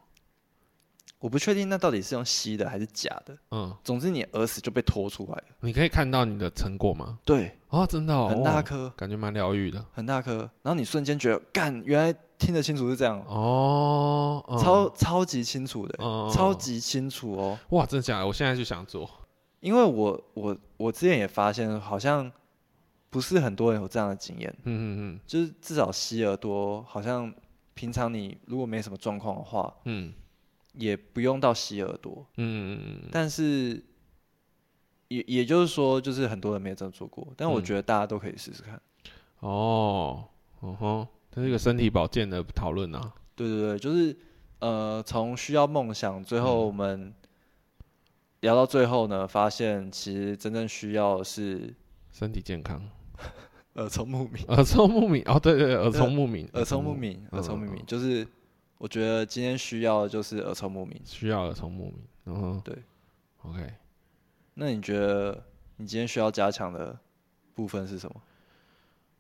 我不確定那到底是用吸的還是假的。嗯，總之你耳屎就被拖出來了。你可以看到你的成果嗎？對，哦，真的哦，很大顆，感覺蠻療癒的，很大顆。然後你瞬間覺得，幹，原來聽得清楚是這樣哦，嗯、超超級清楚的，哦、超級清楚哦、喔。哇，真的假的？我現在就想做，因為我我我之前也發現，好像不是很多人有這樣的經驗。嗯嗯嗯，就是至少吸耳朵，好像平常你如果沒什麼狀況的話，嗯。也不用到洗耳朵，嗯，嗯，嗯、但是也也就是說，就是很多人沒有這樣做過，但我覺得大家都可以試試看、嗯。哦，嗯、哦、哼，這是一個身體保健的討論啊。對對對，就是呃，從需藥夢想，最後我們聊到最後呢，發現其實真正需要的是身體健康， 耳聰目明，耳聰目明，哦，對對，對，耳聰目明，對耳聰目明，耳聰目明，就是。我覺得今天需要的就是耳聰目明，需要耳聰目明，然後對，OK。那你覺得你今天需要加強的部分是什麼？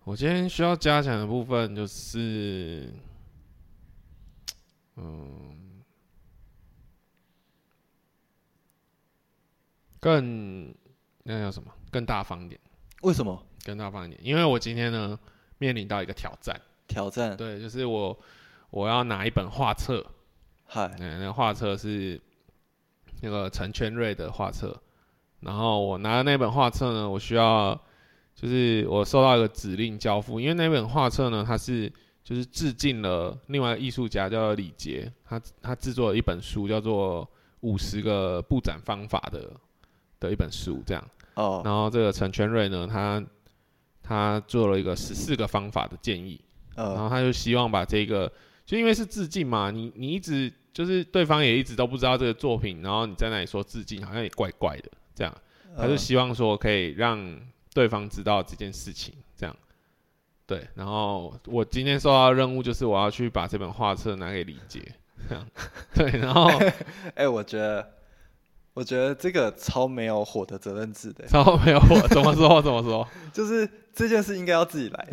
我今天需要加強的部分就是，嗯，更那叫什麼？更大方一點。為什麼？更大方一點，因為我今天呢面臨到一個挑戰。挑戰。對，就是我。我要拿一本畫冊，嗨，嗯，那畫冊是那個陳圈瑞的畫冊，然後我拿的那本畫冊呢，我需要，就是我收到一個指令交付，因為那本畫冊呢，它是就是致敬了另外藝術家叫做李杰，他他制作了一本書叫做五十個布展方法的的一本書這樣，哦，Oh. 然後這個陳圈瑞呢，他他做了一個十四個方法的建議，Oh. 然後他就希望把這個。就因為是致敬嘛，你你一直就是對方也一直都不知道這個作品，然後你在那裡說致敬，好像也怪怪的。這樣，他就希望說可以讓對方知道這件事情，這樣。對，然後我今天收到的任務就是我要去把這本畫冊拿給李杰這樣。對，然後，哎、欸，欸、我覺得，我覺得這個超沒有火的責任制的、欸，超沒有火，怎麼說怎麼說？就是這件事應該要自己來。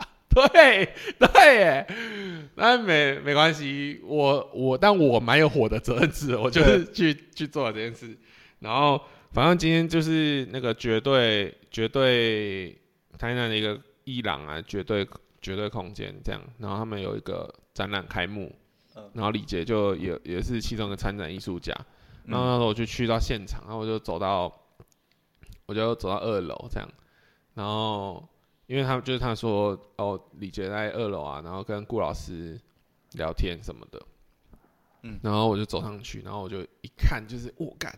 對對耶，但沒沒關係，我我但我蠻有火的責任制，我就是去對去做了這件事。然後反正今天就是那個絕對絕對台南的一個藝廊啊，絕對絕對空間這樣。然後他們有一個展覽開幕，然後李杰就也也是其中一個參展藝術家。然後那時候我就去到現場，然後我就走到，我就走到二樓這樣，然後。因為他們就是他說哦，李杰在二樓啊，然後跟顧老師聊天什麼的，嗯，然後我就走上去，然後我就一看，就是我、哦、幹，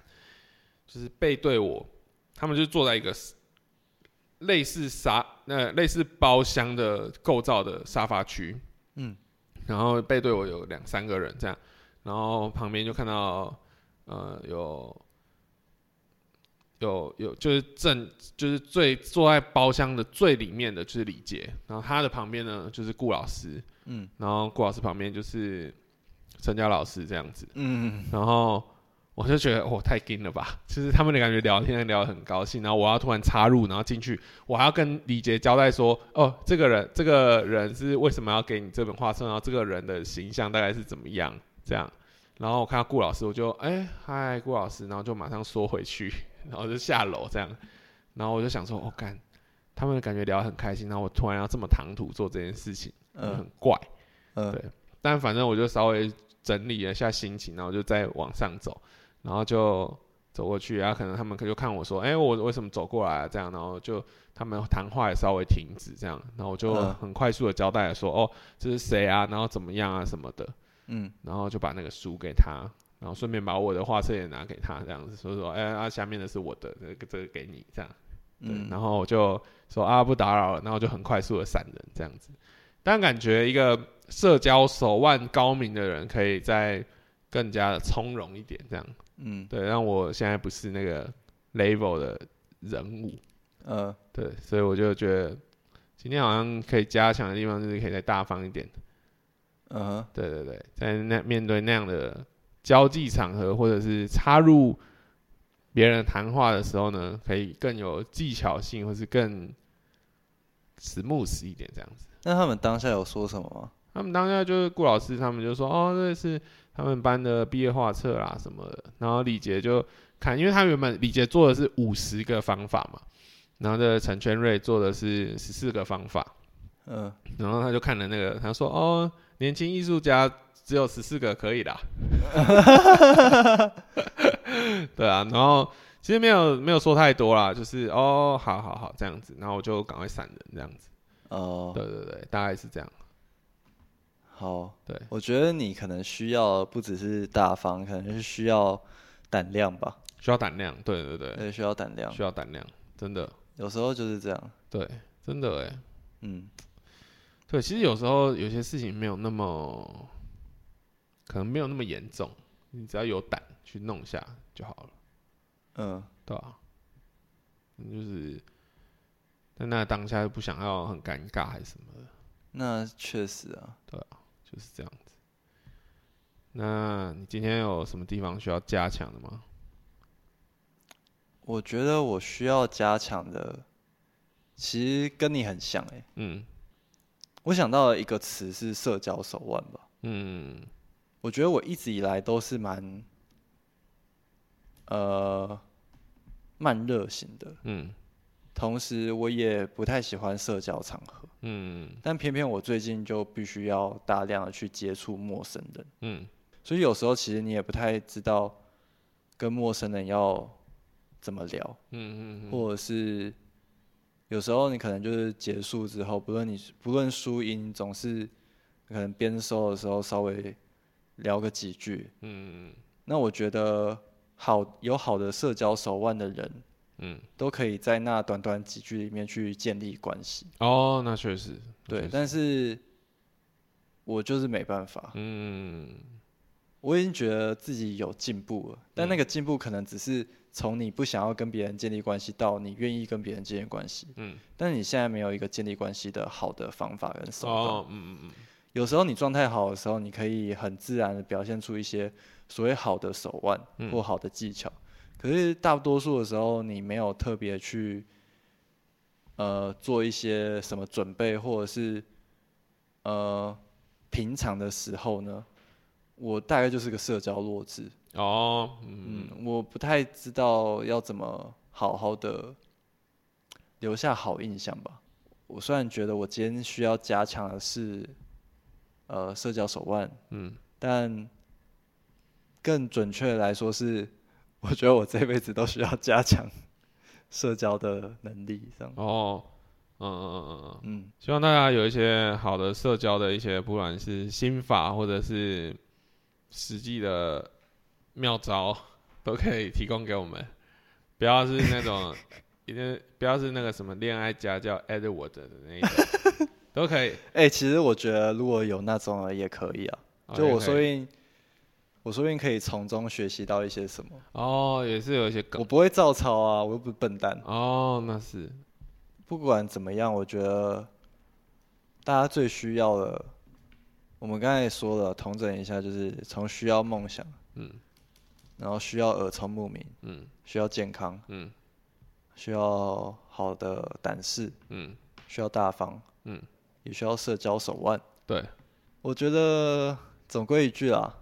就是背對我，他們就坐在一個類似沙那、呃、類似包廂的構造的沙發區，嗯，然後背對我有兩三個人這樣，然後旁邊就看到呃有有有就是正就是最坐在包廂的最裡面的就是李杰，然後他的旁邊呢就是顧老師，嗯，然後顧老師旁邊就是陳家老師這樣子，嗯，然後我就覺得哦太 gay 了吧，就是他們的感覺聊天聊得很高興，然後我要突然插入然後進去，我還要跟李杰交代說哦這個人這個人是為什麼要給你這本畫冊，然後這個人的形象大概是怎麼樣這樣，然後我看到顧老師我就哎嗨顧老師，然後就馬上縮回去。然後就下樓這樣，然後我就想說，我、嗯哦、幹，他們感覺聊得很開心，然後我突然要這麼唐突做這件事情，就很怪，嗯，對，但反正我就稍微整理了一下心情，然後就再往上走，然後就走過去，然後、啊、可能他們就看我說，哎、欸，我為什麼走過來啊？這樣，然後就他們談話也稍微停止，這樣，然後我就很快速的交代了說，哦，這是誰啊？然後怎麼樣啊？什麼的，嗯，然後就把那個書給他。然後順便把我的畫冊也拿給他，這樣子，所以說，哎、欸，啊，下面的是我的，這個、這個給你這樣，對嗯，然後我就說啊，不打擾了，然後我就很快速的閃人這樣子，但感覺一個社交手腕高明的人，可以再更加的從容一點這樣，嗯，對，讓我現在不是那個 level 的人物，呃、嗯，對，所以我就覺得今天好像可以加強的地方，就是可以再大方一點，嗯，對對對，在那面對那樣的。交際場合，或者是插入別人談話的時候呢，可以更有技巧性，或是更 smooth 一點這樣子。那他們當下有說什麼嗎？他們當下就是顧老師，他們就說：“哦，這是他們班的畢業畫冊啦什麼的。”然後李杰就看，因為他原本李杰做的是五十個方法嘛，然後這陳圈瑞做的是十四個方法，嗯，然後他就看了那個，他說：“哦，年輕藝術家。”只有十四個可以的， 對啊，然後其實沒有沒有說太多啦，就是哦、喔，好好好這樣子，然後我就趕快閃人這樣子，哦，對對對，大概是這樣。哦、好，對，我覺得你可能需要不只是大方，可能就是需要膽量吧，需要膽量，對對對，對需要膽量，需要膽量，真的，有時候就是這樣，對，真的哎、欸，嗯，對，其實有時候有些事情沒有那麼。可能沒有那麼嚴重，你只要有膽去弄一下就好了。嗯，對啊，你就是但那當下就不想要很尷尬還是什麼的？那確實啊，對啊，就是這樣子。那你今天有什麼地方需要加強的嗎？我覺得我需要加強的，其實跟你很像欸。嗯，我想到了一個詞是社交手腕吧。嗯。我覺得我一直以來都是蠻，呃，慢熱型的。嗯。同時，我也不太喜歡社交場合。嗯。但偏偏我最近就必須要大量的去接觸陌生人。嗯。所以有時候其實你也不太知道跟陌生人要怎麼聊。嗯嗯。或者是有時候你可能就是結束之後，不論你不論輸贏，總是可能邊收的時候稍微。聊個幾句，嗯，那我覺得好有好的社交手腕的人，嗯，都可以在那短短幾句裡面去建立關係。哦，那確實，對，確實。但是我就是沒辦法，嗯，我已經覺得自己有進步了，但那個進步可能只是從你不想要跟別人建立關係到你願意跟別人建立關係，嗯，但你現在沒有一個建立關係的好的方法跟手段。哦，嗯嗯嗯。有時候你狀態好的時候，你可以很自然的表現出一些所謂好的手腕或好的技巧。嗯，可是大多數的時候，你沒有特別去呃做一些什麼準備，或者是呃平常的時候呢，我大概就是個社交弱智哦。嗯，嗯，我不太知道要怎麼好好的留下好印象吧。我雖然覺得我今天需要加強的是。呃，社交手腕，嗯，但更準確來說是，我覺得我這輩子都需要加強社交的能力上的，哦，嗯嗯嗯嗯嗯，嗯希望大家有一些好的社交的一些，嗯、不管是心法或者是實際的妙招，都可以提供給我們。不要是那種， 一定不要是那個什麼戀愛家教 Edward 的那種。 都可以。哎 Okay.、欸，其實我覺得如果有那種也可以啊。Oh, okay. 就我說不定，我說不定可以從中學習到一些什麼。哦，oh, 也是有一些梗。我不會照抄啊，我又不是笨蛋。哦，oh, 那是。不管怎麼樣，我覺得大家最需要的，我們剛才說了，統整一下，就是從需要夢想，嗯、然後需要耳聰目明，嗯、需要健康，嗯、需要好的膽識，嗯、需要大方，嗯。也需要社交手腕。對，我覺得總歸一句啊，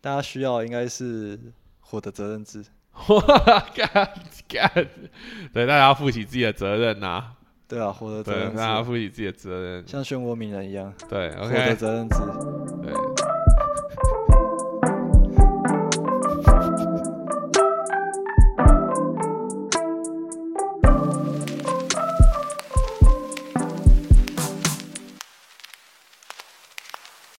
大家需要的應該是火的責任制。呵呵 God, God. 對，大家要負起自己的責任吶、啊。對啊，火的責任。對，大家要負起自己的責任，像漩渦鳴人一樣。對，OK，火的責任制。對。